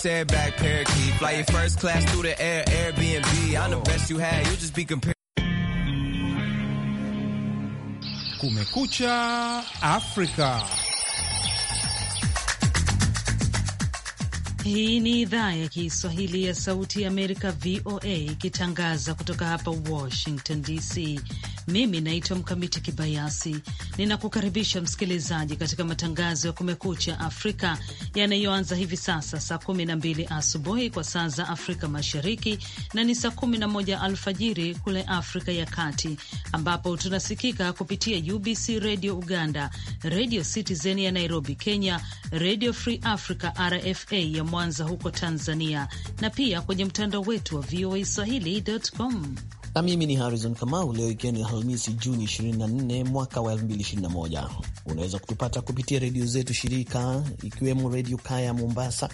Said back parakeet, fly your first class through the air, Airbnb. I'm the best you had, you just be compared. Kumekucha Africa. Hii ni idhaa ya Kiswahili ya Sauti ya Amerika, VOA, ikitangaza kutoka hapa Washington DC. Mimi naitwa Mkamiti Kibayasi, ninakukaribisha msikilizaji katika matangazo ya Kumekucha Afrika yanayoanza hivi sasa saa 12 asubuhi kwa saa za Afrika Mashariki na ni saa 11 alfajiri kule Afrika ya Kati, ambapo tunasikika kupitia UBC Redio Uganda, Redio Citizen ya Nairobi, Kenya, Redio Free Africa RFA ya Mwanza huko Tanzania, na pia kwenye mtandao wetu wa VOA Swahili.com na mimi ni Harrison Kamau. Leo ikiwa ni Alhamisi Juni 24 mwaka wa 2021, unaweza kutupata kupitia redio zetu shirika ikiwemo Redio Kaya Mombasa,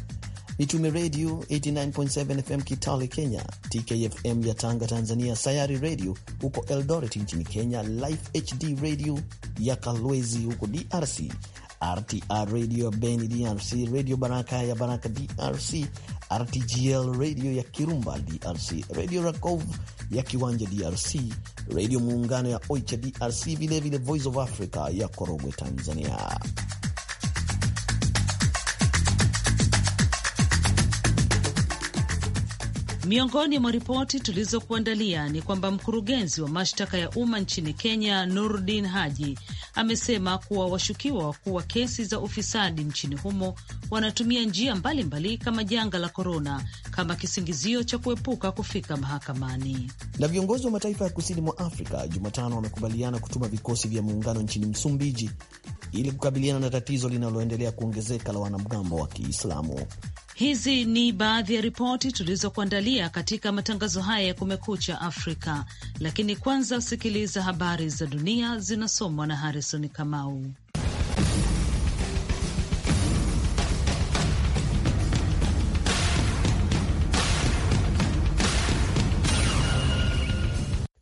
Mitume Redio 89.7 FM Kitale Kenya, TKFM ya Tanga Tanzania, Sayari Redio huko Eldoret nchini Kenya, Life HD Radio ya Kalwezi huko DRC, RTR Radio ya Beni DRC, Redio Baraka ya Baraka DRC, RTGL radio ya Kirumba DRC, radio Rakov ya Kiwanja DRC, radio Muungano ya Oicha DRC, vilevile Voice of Africa ya Korogwe Tanzania. Miongoni mwa ripoti tulizokuandalia ni kwamba mkurugenzi wa mashtaka ya umma nchini Kenya, Nurdin Haji, amesema kuwa washukiwa wakuu wa kesi za ufisadi nchini humo wanatumia njia mbalimbali mbali kama janga la korona kama kisingizio cha kuepuka kufika mahakamani. Na viongozi wa mataifa ya kusini mwa Afrika Jumatano wamekubaliana kutuma vikosi vya muungano nchini Msumbiji ili kukabiliana na tatizo linaloendelea kuongezeka la wanamgambo wa Kiislamu. Hizi ni baadhi ya ripoti tulizokuandalia katika matangazo haya ya Kumekucha Afrika, lakini kwanza sikiliza habari za dunia zinasomwa na Harrison Kamau.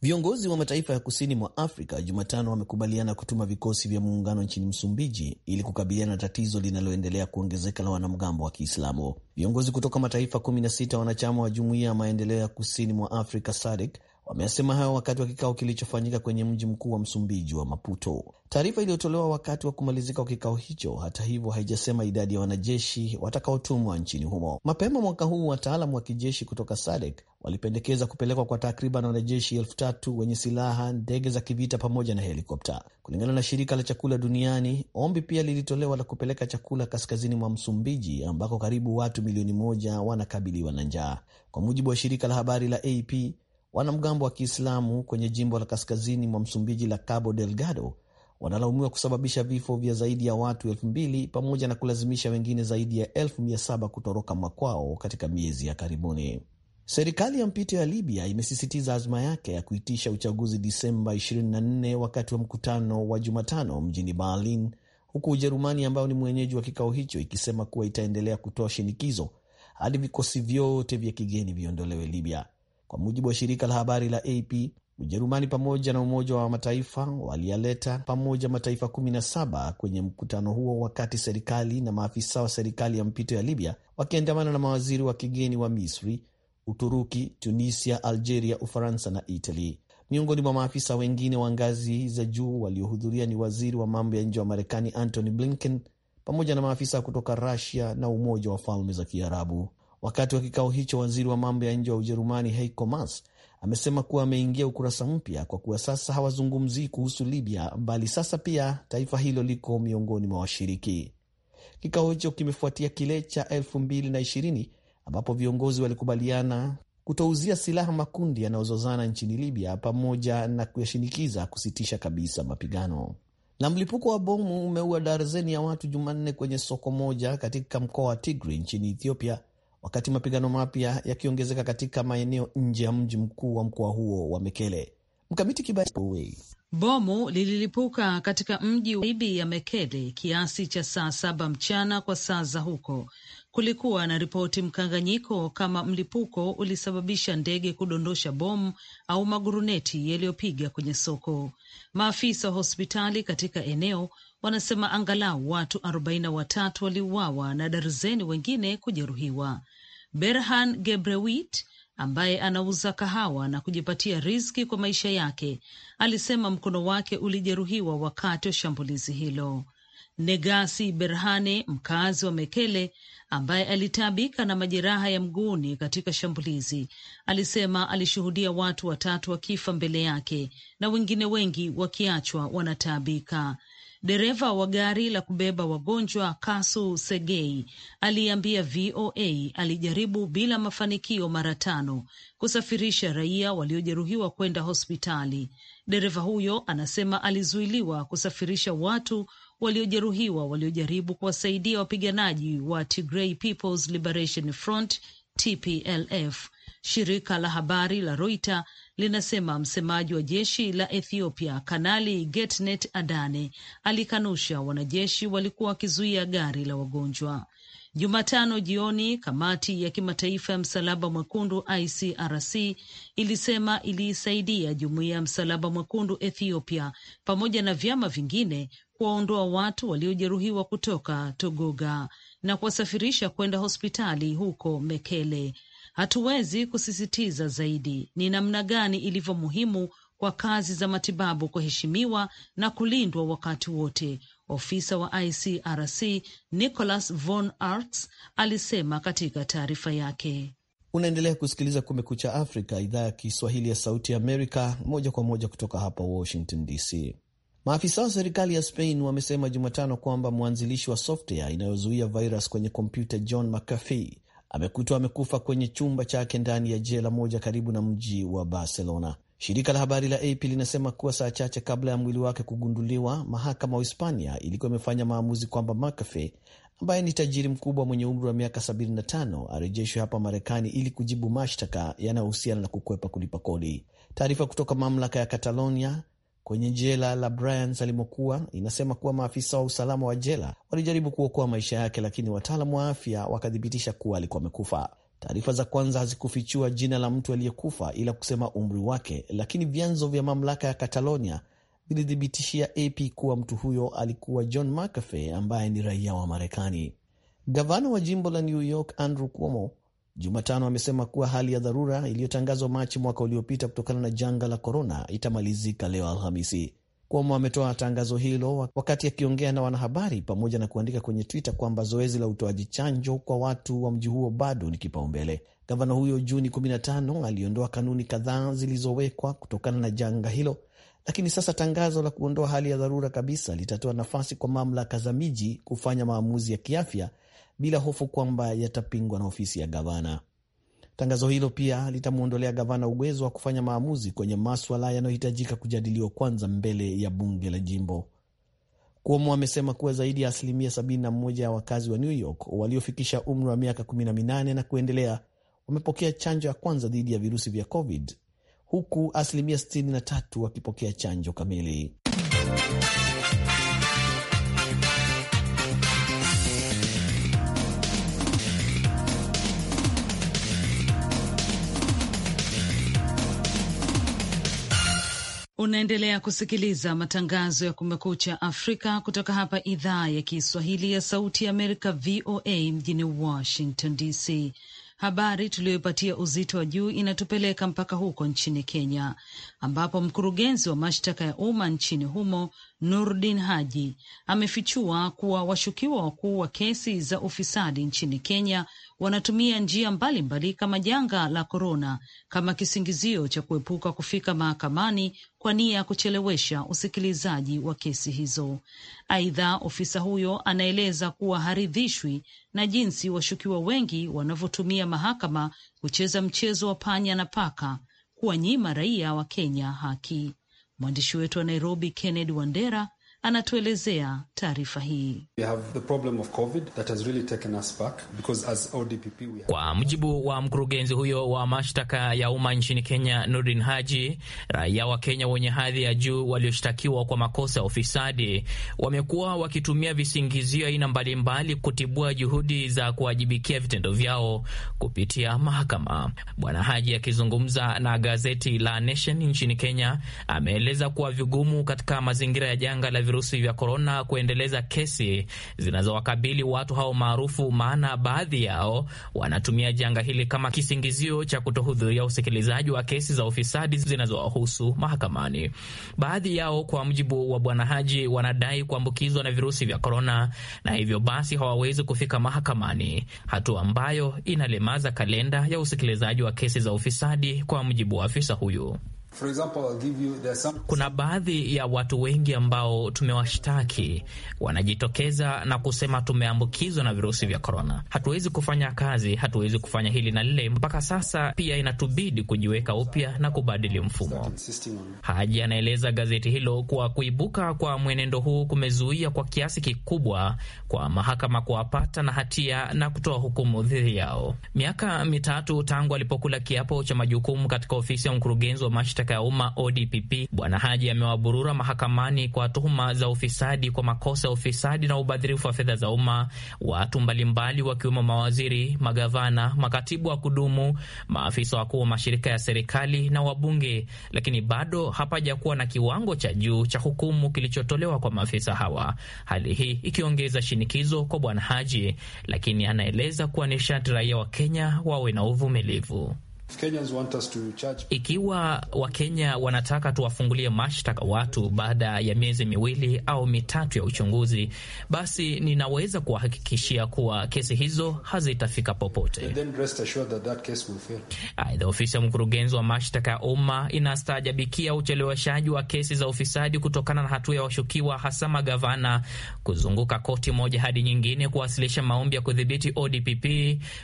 Viongozi wa mataifa ya kusini mwa Afrika Jumatano wamekubaliana kutuma vikosi vya muungano nchini Msumbiji ili kukabiliana na tatizo linaloendelea kuongezeka la wanamgambo wa Kiislamu. Viongozi kutoka mataifa 16 wanachama wa jumuiya ya maendeleo ya kusini mwa Afrika SADC Wamesema hayo wakati wa kikao kilichofanyika kwenye mji mkuu wa Msumbiji wa Maputo. Taarifa iliyotolewa wakati wa kumalizika kwa kikao hicho, hata hivyo, haijasema idadi ya wanajeshi watakaotumwa nchini humo. Mapema mwaka huu, wataalam wa kijeshi kutoka SADC walipendekeza kupelekwa kwa takriban wanajeshi elfu tatu wenye silaha, ndege za kivita pamoja na helikopta. Kulingana na shirika la chakula duniani, ombi pia lilitolewa la kupeleka chakula kaskazini mwa Msumbiji ambako karibu watu milioni moja wanakabiliwa na njaa. Kwa mujibu wa shirika la habari la AP, Wanamgambo wa Kiislamu kwenye jimbo la kaskazini mwa Msumbiji la Cabo Delgado wanalaumiwa kusababisha vifo vya zaidi ya watu elfu mbili pamoja na kulazimisha wengine zaidi ya elfu mia saba kutoroka makwao katika miezi ya karibuni. Serikali ya mpito ya Libya imesisitiza azma yake ya kuitisha uchaguzi Disemba 24 wakati wa mkutano wa Jumatano mjini Berlin, huku Ujerumani ambayo ni mwenyeji wa kikao hicho ikisema kuwa itaendelea kutoa shinikizo hadi vikosi vyote vya kigeni viondolewe Libya. Kwa mujibu wa shirika la habari la AP, Ujerumani pamoja na Umoja wa Mataifa waliyaleta pamoja mataifa 17 kwenye mkutano huo, wakati serikali na maafisa wa serikali ya mpito ya Libya wakiandamana na mawaziri wa kigeni wa Misri, Uturuki, Tunisia, Algeria, Ufaransa na Italy. Miongoni mwa maafisa wengine wa ngazi za juu waliohudhuria ni waziri wa mambo ya nje wa Marekani Antony Blinken pamoja na maafisa kutoka Rusia na Umoja wa Falme za Kiarabu. Wakati wa kikao hicho, waziri wa mambo ya nje wa Ujerumani Heiko Maas amesema kuwa ameingia ukurasa mpya kwa kuwa sasa hawazungumzii kuhusu Libya, bali sasa pia taifa hilo liko miongoni mwa washiriki. Kikao hicho kimefuatia kile cha 2020 ambapo viongozi walikubaliana kutouzia silaha makundi yanayozozana nchini Libya pamoja na kuyashinikiza kusitisha kabisa mapigano. Na mlipuko wa bomu umeua darzeni ya watu Jumanne kwenye soko moja katika mkoa wa tigri nchini Ethiopia wakati mapigano mapya yakiongezeka katika maeneo nje ya mji mkuu wa mkoa huo wa Mekele. Mkamiti kiba Bomu lililipuka katika mji waibi ya Mekele kiasi cha saa saba mchana kwa saa za huko. Kulikuwa na ripoti mkanganyiko kama mlipuko ulisababisha ndege kudondosha bomu au maguruneti yaliyopiga kwenye soko. Maafisa wa hospitali katika eneo wanasema angalau watu arobaini na watatu waliuawa na darzeni wengine kujeruhiwa. Berhan Gebrewit ambaye anauza kahawa na kujipatia riziki kwa maisha yake alisema mkono wake ulijeruhiwa wakati wa shambulizi hilo. Negasi Berhane, mkazi wa Mekele ambaye alitaabika na majeraha ya mguuni katika shambulizi, alisema alishuhudia watu watatu wakifa mbele yake na wengine wengi wakiachwa wanataabika. Dereva wa gari la kubeba wagonjwa Kasu Segei aliambia VOA alijaribu bila mafanikio mara tano kusafirisha raia waliojeruhiwa kwenda hospitali. Dereva huyo anasema alizuiliwa kusafirisha watu waliojeruhiwa waliojaribu kuwasaidia wapiganaji wa Tigray People's Liberation Front TPLF Shirika la habari la Reuters linasema msemaji wa jeshi la Ethiopia Kanali Getnet Adane alikanusha wanajeshi walikuwa wakizuia gari la wagonjwa. Jumatano jioni, kamati ya kimataifa ya msalaba mwekundu ICRC ilisema iliisaidia jumuiya ya msalaba mwekundu Ethiopia pamoja na vyama vingine kuwaondoa watu waliojeruhiwa kutoka Togoga na kuwasafirisha kwenda hospitali huko Mekele. Hatuwezi kusisitiza zaidi ni namna gani ilivyo muhimu kwa kazi za matibabu kuheshimiwa na kulindwa wakati wote, ofisa wa ICRC Nicholas Von arts alisema katika taarifa yake. Unaendelea kusikiliza Kumekucha Afrika, idhaa ya Kiswahili ya Sauti ya Amerika, moja kwa moja kutoka hapa Washington DC. Maafisa wa serikali ya Spain wamesema Jumatano kwamba mwanzilishi wa software inayozuia virus kwenye kompyuta John McAfee amekutwa amekufa kwenye chumba chake ndani ya jela moja karibu na mji wa Barcelona. Shirika la habari la AP linasema kuwa saa chache kabla ya mwili wake kugunduliwa, mahakama wa hispania ilikuwa imefanya maamuzi kwamba McAfee ambaye ni tajiri mkubwa mwenye umri wa miaka 75 arejeshwe hapa Marekani ili kujibu mashtaka yanayohusiana na kukwepa kulipa kodi. Taarifa kutoka mamlaka ya Catalonia kwenye jela la Bryans alimokuwa, inasema kuwa maafisa wa usalama wa jela walijaribu kuokoa maisha yake, lakini wataalamu wa afya wakathibitisha kuwa alikuwa amekufa. Taarifa za kwanza hazikufichua jina la mtu aliyekufa ila kusema umri wake, lakini vyanzo vya mamlaka ya Catalonia vilithibitishia AP kuwa mtu huyo alikuwa John McAfee ambaye ni raia wa Marekani. Gavana wa jimbo la New York Andrew Cuomo Jumatano amesema kuwa hali ya dharura iliyotangazwa Machi mwaka uliopita kutokana na janga la korona itamalizika leo Alhamisi. Cuomo ametoa tangazo hilo wakati akiongea na wanahabari pamoja na kuandika kwenye Twitter kwamba zoezi la utoaji chanjo kwa watu wa mji huo bado ni kipaumbele. Gavana huyo Juni 15 aliondoa kanuni kadhaa zilizowekwa kutokana na janga hilo, lakini sasa tangazo la kuondoa hali ya dharura kabisa litatoa nafasi kwa mamlaka za miji kufanya maamuzi ya kiafya bila hofu kwamba yatapingwa na ofisi ya gavana. Tangazo hilo pia litamwondolea gavana uwezo wa kufanya maamuzi kwenye maswala yanayohitajika kujadiliwa kwanza mbele ya bunge la jimbo. Cuomo amesema kuwa zaidi ya asilimia 71 ya wakazi wa New York waliofikisha umri wa miaka 18 na kuendelea wamepokea chanjo ya kwanza dhidi ya virusi vya COVID, huku asilimia 63 wakipokea chanjo kamili. Unaendelea kusikiliza matangazo ya Kumekucha Afrika kutoka hapa idhaa ya Kiswahili ya Sauti ya Amerika, VOA mjini Washington DC. Habari tuliyoipatia uzito wa juu inatupeleka mpaka huko nchini Kenya, ambapo mkurugenzi wa mashtaka ya umma nchini humo Nurdin Haji amefichua kuwa washukiwa wakuu wa kesi za ufisadi nchini Kenya wanatumia njia mbalimbali kama janga la korona kama kisingizio cha kuepuka kufika mahakamani kwa nia ya kuchelewesha usikilizaji wa kesi hizo. Aidha, ofisa huyo anaeleza kuwa haridhishwi na jinsi washukiwa wengi wanavyotumia mahakama kucheza mchezo wa panya na paka, kuwanyima raia wa Kenya haki. Mwandishi wetu wa Nairobi, Kennedy Wandera anatuelezea taarifa hii. Kwa mujibu wa mkurugenzi huyo wa mashtaka ya umma nchini Kenya, Nurdin Haji, raia wa Kenya wenye hadhi ya juu walioshtakiwa kwa makosa ya ufisadi wamekuwa wakitumia visingizio aina mbalimbali kutibua juhudi za kuwajibikia vitendo vyao kupitia mahakama. Bwana Haji akizungumza na gazeti la Nation nchini Kenya ameeleza kuwa vigumu katika mazingira ya janga la virusi vya korona kuendeleza kesi zinazowakabili watu hao maarufu, maana baadhi yao wanatumia janga hili kama kisingizio cha kutohudhuria usikilizaji wa kesi za ufisadi zinazowahusu mahakamani. Baadhi yao, kwa mujibu wa Bwana Haji, wanadai kuambukizwa na virusi vya korona na hivyo basi hawawezi kufika mahakamani, hatua ambayo inalemaza kalenda ya usikilizaji wa kesi za ufisadi, kwa mujibu wa afisa huyu. For example, give you some... kuna baadhi ya watu wengi ambao tumewashtaki wanajitokeza na kusema tumeambukizwa na virusi vya korona, hatuwezi kufanya kazi, hatuwezi kufanya hili na lile. Mpaka sasa pia inatubidi kujiweka upya na kubadili mfumo. Haji anaeleza gazeti hilo kuwa kuibuka kwa mwenendo huu kumezuia kwa kiasi kikubwa kwa mahakama kuwapata na hatia na kutoa hukumu dhidi yao. Miaka mitatu tangu alipokula kiapo cha majukumu katika ofisi ya mkurugenzi wa mashtaka mashtaka ya umma ODPP Bwana Haji amewaburura mahakamani kwa tuhuma za ufisadi kwa makosa ya ufisadi na ubadhirifu wa fedha za umma watu mbalimbali wakiwemo mawaziri, magavana, makatibu wa kudumu, maafisa wakuu wa mashirika ya serikali na wabunge, lakini bado hapajakuwa na kiwango cha juu cha hukumu kilichotolewa kwa maafisa hawa, hali hii ikiongeza shinikizo kwa Bwana Haji, lakini anaeleza kuwa ni sharti raia wa Kenya wawe na uvumilivu. Ikiwa Wakenya wanataka tuwafungulie mashtaka watu baada ya miezi miwili au mitatu ya uchunguzi, basi ninaweza kuwahakikishia kuwa kesi hizo hazitafika popote. Aidha, ofisi ya mkurugenzi wa mashtaka ya umma inastaajabikia ucheleweshaji wa kesi za ufisadi kutokana na hatua ya washukiwa, hasa magavana, kuzunguka koti moja hadi nyingine kuwasilisha maombi ya kudhibiti ODPP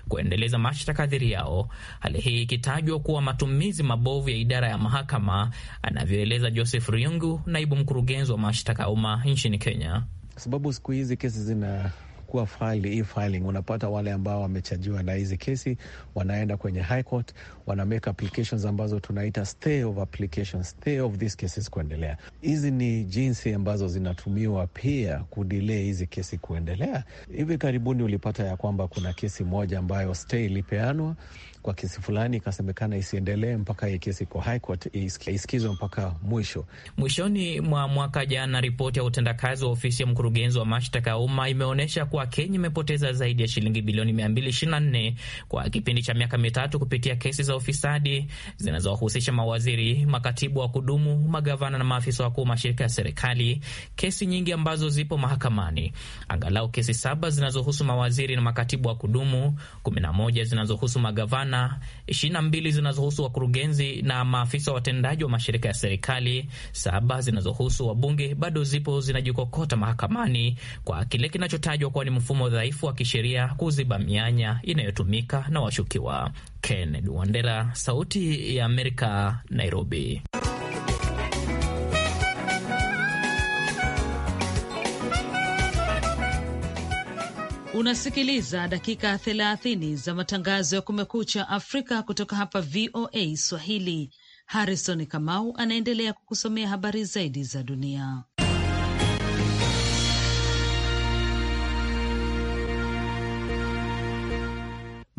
kuendeleza mashtaka dhidi yao. Hali hii ikitajwa kuwa matumizi mabovu ya idara ya mahakama, anavyoeleza Joseph Riungu, naibu mkurugenzi wa mashtaka ya umma nchini Kenya. sababu siku hizi kesi zina kuwa file, e-filing unapata wale ambao wamechajiwa na hizi kesi wanaenda kwenye high court, wana make applications ambazo tunaita stay of applications, stay of these cases kuendelea. Hizi ni jinsi ambazo zinatumiwa pia kudelay hizi kesi kuendelea. Hivi karibuni ulipata ya kwamba kuna kesi moja ambayo stay ilipeanwa kwa kesi fulani ikasemekana isiendelee mpaka hii kesi iko high court isikizwe mpaka mwisho. Mwishoni mwa mwaka jana, ripoti ya utendakazi wa ofisi ya mkurugenzi wa mashtaka ya umma imeonyesha kuwa Kenya imepoteza zaidi ya shilingi bilioni 224 kwa kipindi cha miaka mitatu kupitia kesi za ufisadi zinazowahusisha mawaziri, makatibu wa kudumu, magavana na maafisa wakuu wa mashirika ya serikali, kesi nyingi ambazo zipo mahakamani, angalau kesi saba zinazohusu mawaziri na makatibu wa kudumu, 11 zinazohusu magavana, 22 zinazohusu wakurugenzi na maafisa watendaji wa mashirika ya serikali, saba zinazohusu wabunge bado zipo zinajikokota mahakamani kwa kile kinachotajwa kuwa ni mfumo dhaifu wa kisheria kuziba mianya inayotumika na washukiwa. Kennedy Wandera, Sauti ya Amerika, Nairobi. Unasikiliza dakika 30 za matangazo ya Kumekucha Afrika kutoka hapa VOA Swahili. Harrison Kamau anaendelea kukusomea habari zaidi za dunia.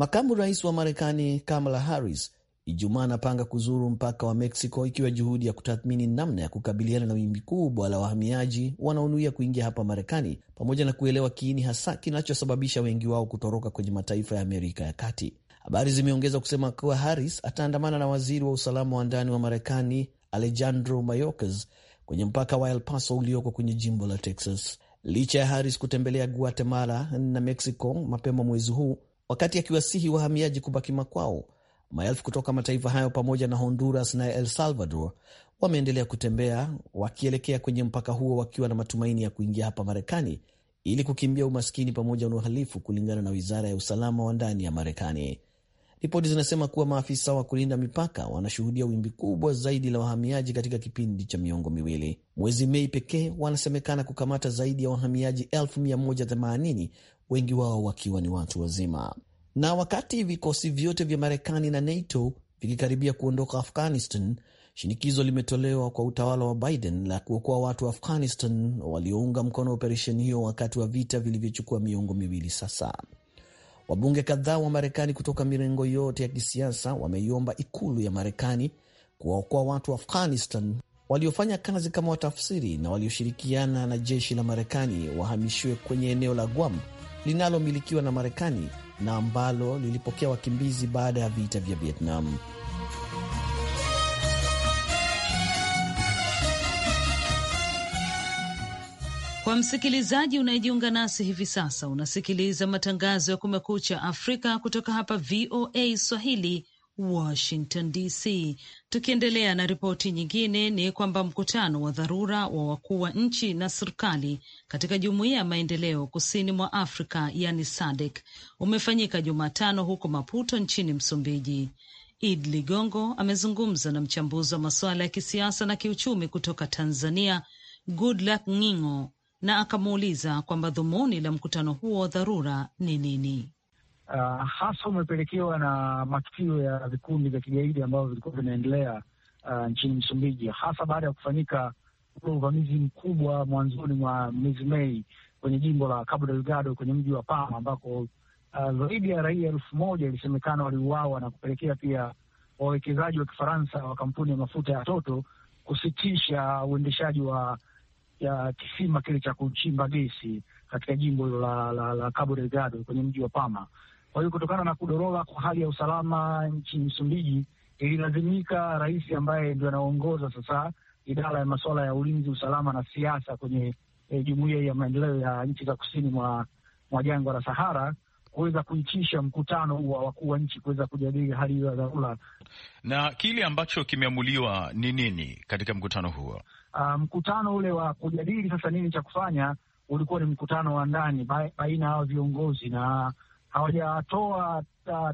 Makamu rais wa Marekani Kamala Harris Ijumaa anapanga kuzuru mpaka wa Mexico ikiwa juhudi ya kutathmini namna ya kukabiliana na wimbi kubwa la wahamiaji wanaonuia kuingia hapa Marekani, pamoja na kuelewa kiini hasa kinachosababisha wengi wao kutoroka kwenye mataifa ya Amerika ya Kati. Habari zimeongeza kusema kuwa Harris ataandamana na waziri wa usalama wa ndani wa Marekani Alejandro Mayorkas kwenye mpaka wa El Paso ulioko kwenye jimbo la Texas. Licha ya Harris kutembelea Guatemala na Mexico mapema mwezi huu wakati akiwasihi wahamiaji kubaki makwao. Maelfu kutoka mataifa hayo pamoja na Honduras na El Salvador wameendelea kutembea wakielekea kwenye mpaka huo wakiwa na matumaini ya kuingia hapa Marekani ili kukimbia umaskini pamoja na uhalifu, kulingana na wizara ya usalama wa ndani ya Marekani. Ripoti zinasema kuwa maafisa wa kulinda mipaka wanashuhudia wimbi kubwa zaidi la wahamiaji katika kipindi cha miongo miwili. Mwezi Mei pekee wanasemekana kukamata zaidi ya wahamiaji wengi wao wakiwa ni watu wazima. Na wakati vikosi vyote vya Marekani na NATO vikikaribia kuondoka Afghanistan, shinikizo limetolewa kwa utawala wa Biden la kuokoa watu wa Afghanistan waliounga mkono operesheni hiyo wakati wa vita vilivyochukua miongo miwili sasa. Wabunge kadhaa wa Marekani kutoka mirengo yote ya kisiasa wameiomba ikulu ya Marekani kuwaokoa watu wa Afghanistan waliofanya kazi kama watafsiri na walioshirikiana na jeshi la Marekani wahamishiwe kwenye eneo la Guam linalomilikiwa na Marekani na ambalo lilipokea wakimbizi baada ya vita vya Vietnam. Kwa msikilizaji unayejiunga nasi hivi sasa, unasikiliza matangazo ya Kumekucha Afrika kutoka hapa VOA Swahili, Washington DC. Tukiendelea na ripoti nyingine, ni kwamba mkutano wa dharura wa wakuu wa nchi na serikali katika jumuiya ya maendeleo kusini mwa Afrika yani SADC umefanyika Jumatano huko Maputo nchini Msumbiji. Id Ligongo amezungumza na mchambuzi wa masuala ya kisiasa na kiuchumi kutoka Tanzania, Goodluck Ngingo, na akamuuliza kwamba dhumuni la mkutano huo wa dharura ni nini uh, hasa umepelekewa na matukio ya vikundi vya kigaidi ambavyo vilikuwa vinaendelea uh, nchini Msumbiji, hasa baada ya kufanyika ule uvamizi mkubwa mwanzoni mwa mwezi Mei kwenye jimbo la Cabo Delgado kwenye mji wa Palma ambako uh, zaidi uh, ya raia elfu moja ilisemekana waliuawa na kupelekea pia wawekezaji wa Kifaransa wa kampuni ya mafuta ya toto kusitisha uendeshaji wa ya kisima kile cha kuchimba gesi katika jimbo la, la, la Cabo Delgado kwenye mji wa Palma. Kwa hiyo kutokana na kudorora kwa hali ya usalama nchini Msumbiji, ililazimika rais ambaye ndio anaongoza sasa idara ya masuala ya ulinzi, usalama na siasa kwenye e, jumuiya ya maendeleo ya nchi za kusini mwa, mwa jangwa la Sahara kuweza kuitisha mkutano wa wakuu wa nchi kuweza kujadili hali hiyo ya dharura. Na kile ambacho kimeamuliwa ni nini katika mkutano huo? Uh, mkutano ule wa kujadili sasa nini cha kufanya ulikuwa ni mkutano wa ndani baina ya viongozi na hawajatoa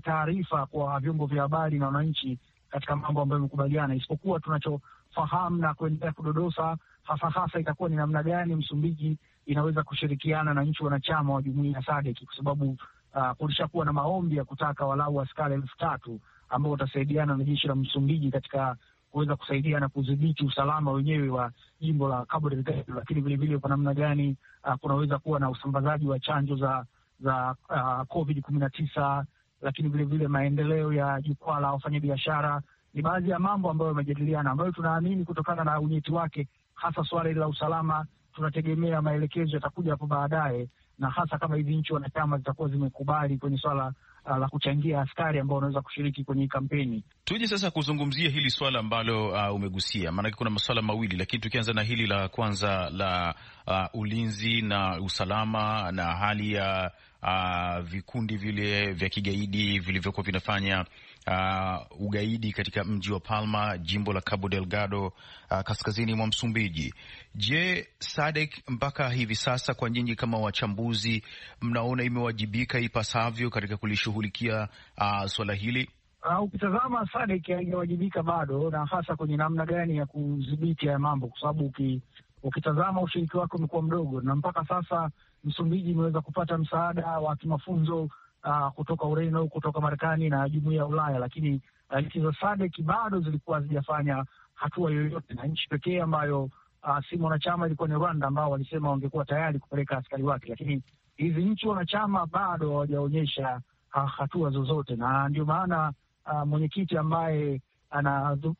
taarifa kwa vyombo vya habari na wananchi katika mambo ambayo amekubaliana, isipokuwa tunachofahamu na kuendelea kudodosa hasa hasa itakuwa ni namna gani Msumbiji inaweza kushirikiana na nchi wanachama wa jumuia ya SADC kwa sababu uh, kulishakuwa na maombi ya kutaka walau askari elfu tatu ambao watasaidiana na jeshi la Msumbiji katika kuweza kusaidia na kudhibiti usalama wenyewe wa jimbo la Cabo Delgado, lakini vilevile kwa namna gani uh, kunaweza kuwa na usambazaji wa chanjo za za uh, COVID kumi na tisa, lakini vilevile maendeleo ya jukwaa la wafanyabiashara ni baadhi ya mambo ambayo yamejadiliana, ambayo tunaamini kutokana na unyeti wake, hasa suala hili la usalama, tunategemea maelekezo yatakuja hapo baadaye, na hasa kama hizi nchi wanachama zitakuwa zimekubali kwenye swala uh, la kuchangia askari ambao wanaweza kushiriki kwenye kampeni. Tuje sasa kuzungumzia hili swala ambalo uh, umegusia, maanake kuna maswala mawili, lakini tukianza na hili la kwanza la uh, ulinzi na usalama na hali ya uh, uh, vikundi vile vya kigaidi vilivyokuwa vinafanya uh, ugaidi katika mji wa Palma, jimbo la Cabo Delgado, uh, kaskazini mwa Msumbiji. Je, Sadek, mpaka hivi sasa kwa nyinyi kama wachambuzi, mnaona imewajibika ipasavyo katika kulishughulikia uh, suala hili? Uh, ukitazama Sadek haijawajibika bado, na hasa kwenye namna gani ya kudhibiti haya mambo, kwa sababu ukitazama ushiriki wake umekuwa mdogo, na mpaka sasa Msumbiji imeweza kupata msaada wa kimafunzo uh, kutoka Ureno, kutoka Marekani na jumuiya ya Ulaya, lakini uh, nchi za SADC bado zilikuwa hazijafanya hatua yoyote, na nchi pekee ambayo uh, si mwanachama ilikuwa ni Rwanda, ambao walisema wangekuwa tayari kupeleka askari wake, lakini hizi nchi wanachama bado hawajaonyesha uh, hatua zozote, na ndio maana uh, mwenyekiti ambaye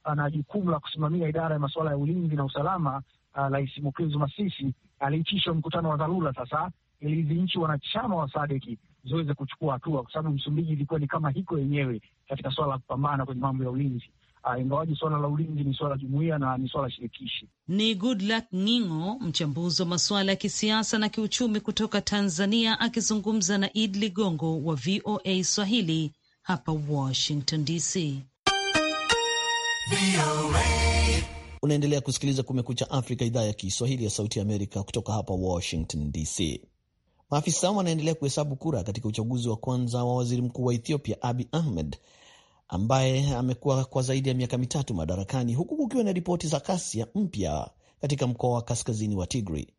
ana jukumu la kusimamia idara ya masuala ya ulinzi na usalama, Rais uh, Masisi aliitishwa mkutano wa dharura sasa, ili hizi nchi wanachama wa Sadeki ziweze kuchukua hatua, kwa sababu Msumbiji ilikuwa ni kama hiko yenyewe katika swala la kupambana kwenye mambo ya ulinzi. Uh, ah, ingawaji swala la ulinzi ni swala jumuia na ni swala shirikishi. Ni Goodluck Ngingo, mchambuzi wa masuala ya kisiasa na kiuchumi kutoka Tanzania, akizungumza na Id Ligongo wa VOA Swahili hapa Washington DC. Unaendelea kusikiliza Kumekucha Afrika, idhaa ya Kiswahili ya Sauti ya Amerika kutoka hapa Washington DC. Maafisa wanaendelea kuhesabu kura katika uchaguzi wa kwanza wa waziri mkuu wa Ethiopia abi Ahmed ambaye amekuwa kwa zaidi ya miaka mitatu madarakani, huku kukiwa na ripoti za kasi ya mpya katika mkoa wa kaskazini wa tigri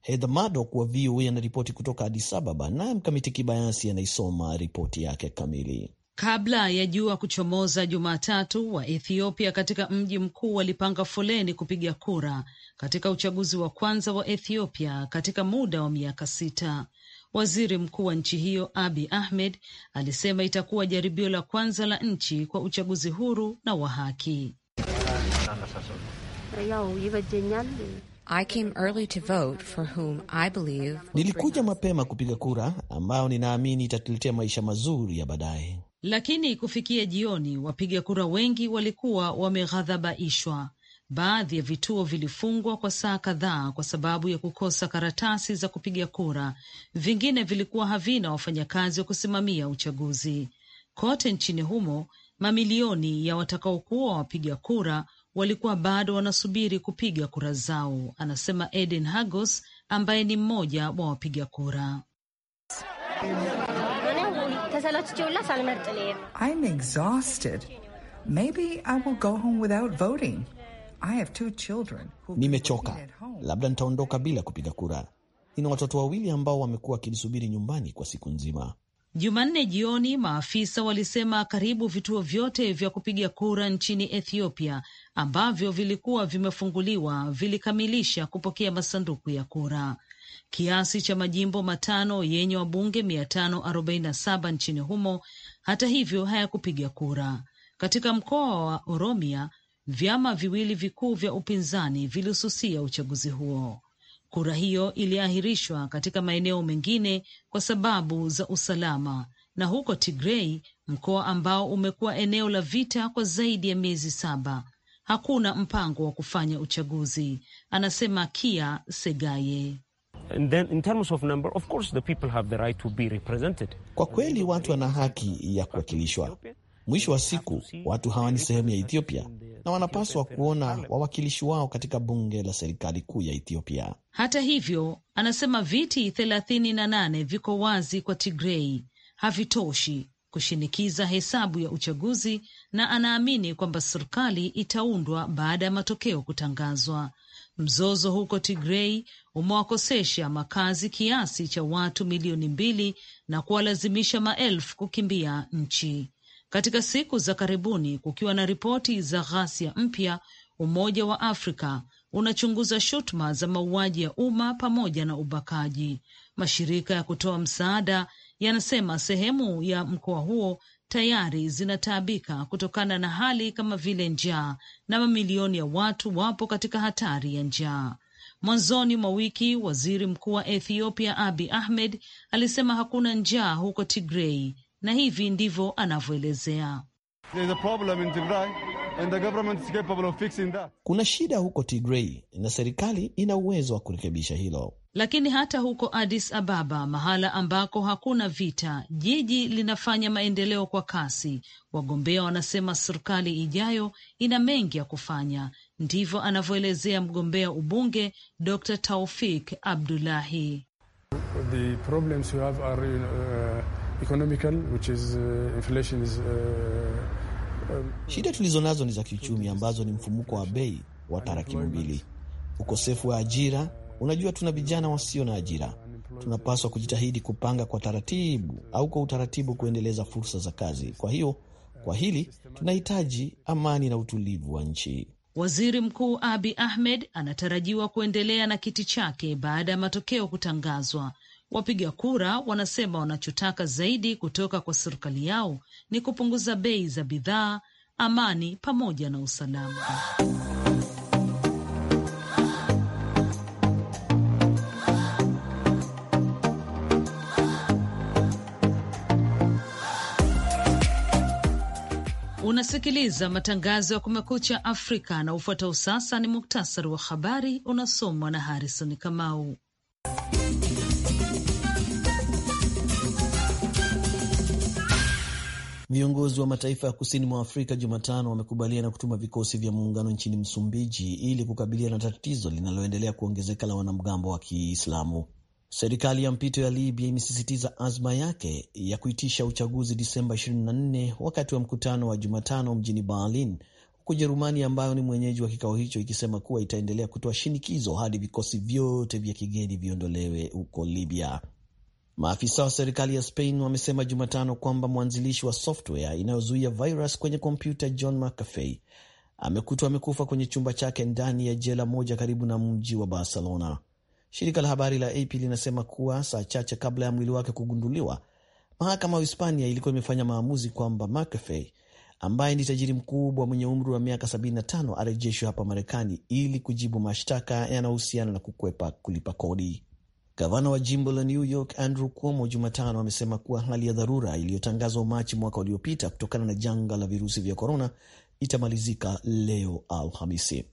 Hedha Mado kwa VOA anaripoti kutoka Addis Ababa, naye Mkamiti Kibayasi anaisoma ripoti yake kamili. Kabla ya jua kuchomoza Jumatatu, wa Ethiopia katika mji mkuu walipanga foleni kupiga kura katika uchaguzi wa kwanza wa Ethiopia katika muda wa miaka sita. Waziri mkuu wa nchi hiyo Abi Ahmed alisema itakuwa jaribio la kwanza la nchi kwa uchaguzi huru na wa haki. Nilikuja mapema kupiga kura ambayo ninaamini itatuletea maisha mazuri ya baadaye. Lakini kufikia jioni, wapiga kura wengi walikuwa wameghadhabaishwa. Baadhi ya vituo vilifungwa kwa saa kadhaa kwa sababu ya kukosa karatasi za kupiga kura, vingine vilikuwa havina wafanyakazi wa kusimamia uchaguzi. Kote nchini humo, mamilioni ya watakaokuwa wapiga kura walikuwa bado wanasubiri kupiga kura zao, anasema Eden Hagos ambaye ni mmoja wa wapiga kura. ነው I'm exhausted. Maybe I will go home without voting. I have two children. Nimechoka. Labda nitaondoka bila kupiga kura. Nina watoto wawili ambao wamekuwa wakinisubiri nyumbani kwa siku nzima. Jumanne jioni maafisa walisema karibu vituo vyote vya kupiga kura nchini Ethiopia ambavyo vilikuwa vimefunguliwa vilikamilisha kupokea masanduku ya kura kiasi cha majimbo matano yenye wabunge 547 nchini humo hata hivyo hayakupiga kura. Katika mkoa wa Oromia, vyama viwili vikuu vya upinzani vilisusia uchaguzi huo. Kura hiyo iliahirishwa katika maeneo mengine kwa sababu za usalama, na huko Tigrei, mkoa ambao umekuwa eneo la vita kwa zaidi ya miezi saba, hakuna mpango wa kufanya uchaguzi, anasema Kia Segaye. Kwa kweli watu wana haki ya kuwakilishwa. Mwisho wa siku, watu hawa ni sehemu ya Ethiopia na wanapaswa kuona wawakilishi wao katika bunge la serikali kuu ya Ethiopia. Hata hivyo, anasema viti thelathini na nane viko wazi kwa Tigrei havitoshi kushinikiza hesabu ya uchaguzi na anaamini kwamba serikali itaundwa baada ya matokeo kutangazwa. Mzozo huko Tigrei umewakosesha makazi kiasi cha watu milioni mbili na kuwalazimisha maelfu kukimbia nchi. Katika siku za karibuni, kukiwa na ripoti za ghasia mpya, Umoja wa Afrika unachunguza shutuma za mauaji ya umma pamoja na ubakaji. Mashirika ya kutoa msaada yanasema sehemu ya mkoa huo tayari zinataabika kutokana na hali kama vile njaa na mamilioni ya watu wapo katika hatari ya njaa. Mwanzoni mwa wiki waziri mkuu wa Ethiopia Abi Ahmed alisema hakuna njaa huko Tigrei, na hivi ndivyo anavyoelezea: kuna shida huko Tigrei na serikali ina uwezo wa kurekebisha hilo. Lakini hata huko Addis Ababa, mahala ambako hakuna vita, jiji linafanya maendeleo kwa kasi. Wagombea wanasema serikali ijayo ina mengi ya kufanya. Ndivyo anavyoelezea mgombea ubunge Dr Taufik Abdulahi. The uh, uh, uh, um, shida tulizo nazo ni za kiuchumi ambazo ni mfumuko wa bei wa tarakimu mbili, ukosefu wa ajira Unajua, tuna vijana wasio na ajira. Tunapaswa kujitahidi kupanga kwa taratibu au kwa utaratibu kuendeleza fursa za kazi. Kwa hiyo kwa hili tunahitaji amani na utulivu wa nchi. Waziri Mkuu Abi Ahmed anatarajiwa kuendelea na kiti chake baada ya matokeo kutangazwa. Wapiga kura wanasema wanachotaka zaidi kutoka kwa serikali yao ni kupunguza bei za bidhaa, amani pamoja na usalama. Unasikiliza matangazo ya Kumekucha Afrika na ufuatao sasa ni muktasari wa habari unasomwa na harison Kamau. Viongozi wa mataifa ya kusini mwa Afrika Jumatano wamekubaliana kutuma vikosi vya muungano nchini Msumbiji ili kukabiliana na tatizo linaloendelea kuongezeka la wanamgambo wa Kiislamu. Serikali ya mpito ya Libya imesisitiza azma yake ya kuitisha uchaguzi Disemba 24 wakati wa mkutano wa Jumatano mjini Berlin, huku Jerumani ambayo ni mwenyeji wa kikao hicho ikisema kuwa itaendelea kutoa shinikizo hadi vikosi vyote vya kigeni viondolewe huko Libya. Maafisa wa serikali ya Spain wamesema Jumatano kwamba mwanzilishi wa software inayozuia virus kwenye kompyuta John McAfee amekutwa amekufa kwenye chumba chake ndani ya jela moja karibu na mji wa Barcelona. Shirika la habari la AP linasema kuwa saa chache kabla ya mwili wake kugunduliwa, mahakama ya Hispania ilikuwa imefanya maamuzi kwamba McAfee ambaye ni tajiri mkubwa mwenye umri wa miaka 75 arejeshwe hapa Marekani ili kujibu mashtaka yanayohusiana na kukwepa kulipa kodi. Gavana wa jimbo la New York Andrew Cuomo Jumatano amesema kuwa hali ya dharura iliyotangazwa Machi mwaka uliopita kutokana na janga la virusi vya korona itamalizika leo Alhamisi.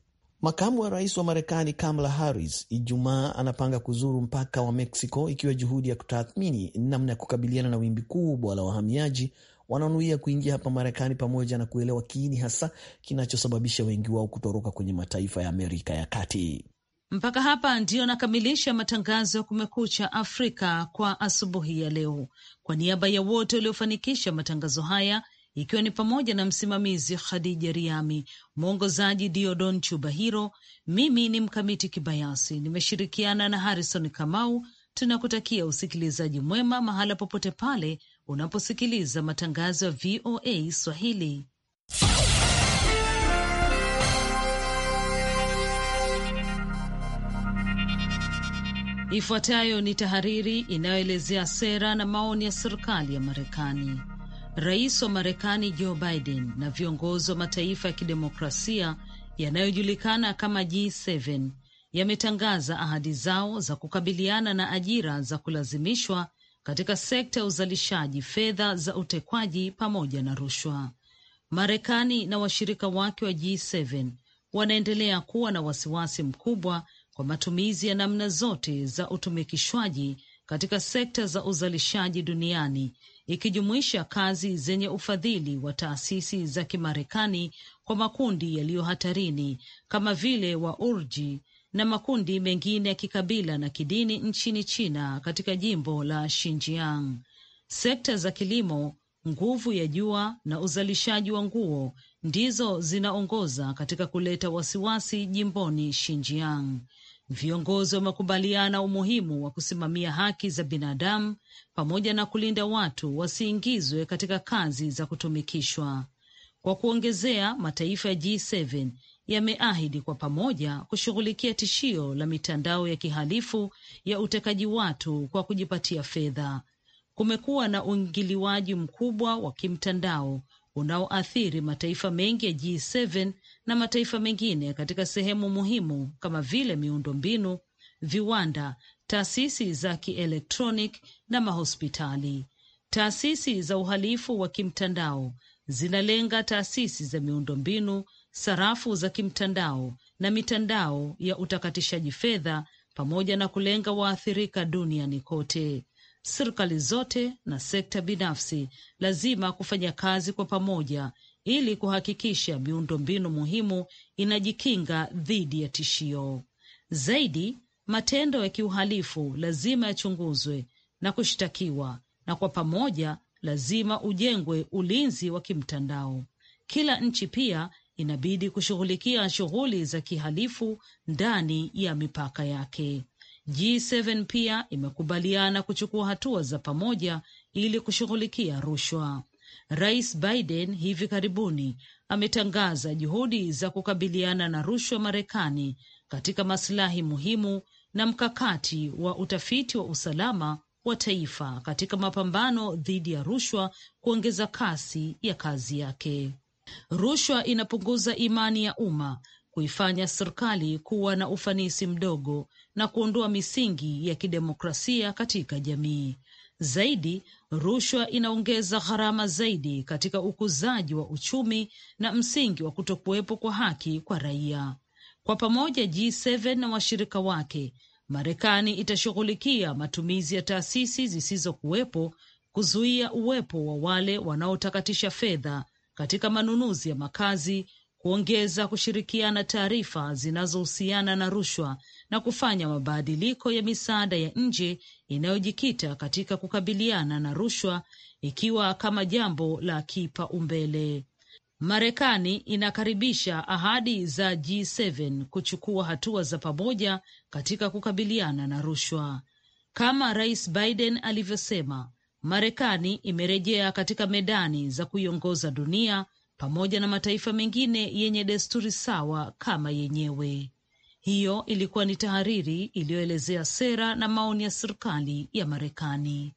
Makamu wa rais wa Marekani Kamala Harris Ijumaa anapanga kuzuru mpaka wa Mexico ikiwa juhudi ya kutathmini namna ya kukabiliana na wimbi kubwa la wahamiaji wanaonuia kuingia hapa Marekani pamoja na kuelewa kiini hasa kinachosababisha wengi wao kutoroka kwenye mataifa ya Amerika ya Kati. Mpaka hapa ndiyo nakamilisha matangazo ya Kumekucha Afrika kwa asubuhi ya leo. Kwa niaba ya wote waliofanikisha matangazo haya ikiwa ni pamoja na msimamizi Khadija Riami, mwongozaji Diodon Chubahiro. Mimi ni Mkamiti Kibayasi, nimeshirikiana na Harrison Kamau. Tunakutakia usikilizaji mwema mahala popote pale unaposikiliza matangazo ya VOA Swahili. Ifuatayo ni tahariri inayoelezea sera na maoni ya serikali ya Marekani. Rais wa Marekani Joe Biden na viongozi wa mataifa ya kidemokrasia yanayojulikana kama G7 yametangaza ahadi zao za kukabiliana na ajira za kulazimishwa katika sekta ya uzalishaji fedha za utekwaji pamoja na rushwa. Marekani na washirika wake wa G7 wanaendelea kuwa na wasiwasi mkubwa kwa matumizi ya namna zote za utumikishwaji katika sekta za uzalishaji duniani ikijumuisha kazi zenye ufadhili wa taasisi za Kimarekani kwa makundi yaliyo hatarini kama vile Waurji na makundi mengine ya kikabila na kidini nchini China katika jimbo la Xinjiang. Sekta za kilimo, nguvu ya jua na uzalishaji wa nguo ndizo zinaongoza katika kuleta wasiwasi jimboni Xinjiang. Viongozi wamekubaliana umuhimu wa kusimamia haki za binadamu pamoja na kulinda watu wasiingizwe katika kazi za kutumikishwa. Kwa kuongezea, mataifa ya G7 yameahidi kwa pamoja kushughulikia tishio la mitandao ya kihalifu ya utekaji watu kwa kujipatia fedha. Kumekuwa na uingiliwaji mkubwa wa kimtandao unaoathiri mataifa mengi ya G7 na mataifa mengine katika sehemu muhimu kama vile miundombinu, viwanda, taasisi za kielektronik na mahospitali. Taasisi za uhalifu wa kimtandao zinalenga taasisi za miundombinu, sarafu za kimtandao na mitandao ya utakatishaji fedha pamoja na kulenga waathirika duniani kote serikali zote na sekta binafsi lazima kufanya kazi kwa pamoja ili kuhakikisha miundombinu muhimu inajikinga dhidi ya tishio. Zaidi, matendo ya kiuhalifu lazima yachunguzwe na kushtakiwa, na kwa pamoja lazima ujengwe ulinzi wa kimtandao. Kila nchi pia inabidi kushughulikia shughuli za kihalifu ndani ya mipaka yake. G7 pia imekubaliana kuchukua hatua za pamoja ili kushughulikia rushwa. Rais Biden hivi karibuni ametangaza juhudi za kukabiliana na rushwa Marekani katika masilahi muhimu na mkakati wa utafiti wa usalama wa taifa katika mapambano dhidi ya rushwa kuongeza kasi ya kazi yake. Rushwa inapunguza imani ya umma kuifanya serikali kuwa na ufanisi mdogo na kuondoa misingi ya kidemokrasia katika jamii. Zaidi, rushwa inaongeza gharama zaidi katika ukuzaji wa uchumi na msingi wa kutokuwepo kwa haki kwa raia. Kwa pamoja, G7 na washirika wake, Marekani itashughulikia matumizi ya taasisi zisizokuwepo kuzuia uwepo wa wale wanaotakatisha fedha katika manunuzi ya makazi, kuongeza kushirikiana taarifa zinazohusiana na rushwa na kufanya mabadiliko ya misaada ya nje inayojikita katika kukabiliana na rushwa ikiwa kama jambo la kipaumbele. Marekani inakaribisha ahadi za G7 kuchukua hatua za pamoja katika kukabiliana na rushwa. Kama Rais Biden alivyosema, Marekani imerejea katika medani za kuiongoza dunia pamoja na mataifa mengine yenye desturi sawa kama yenyewe. Hiyo ilikuwa ni tahariri iliyoelezea sera na maoni ya serikali ya Marekani.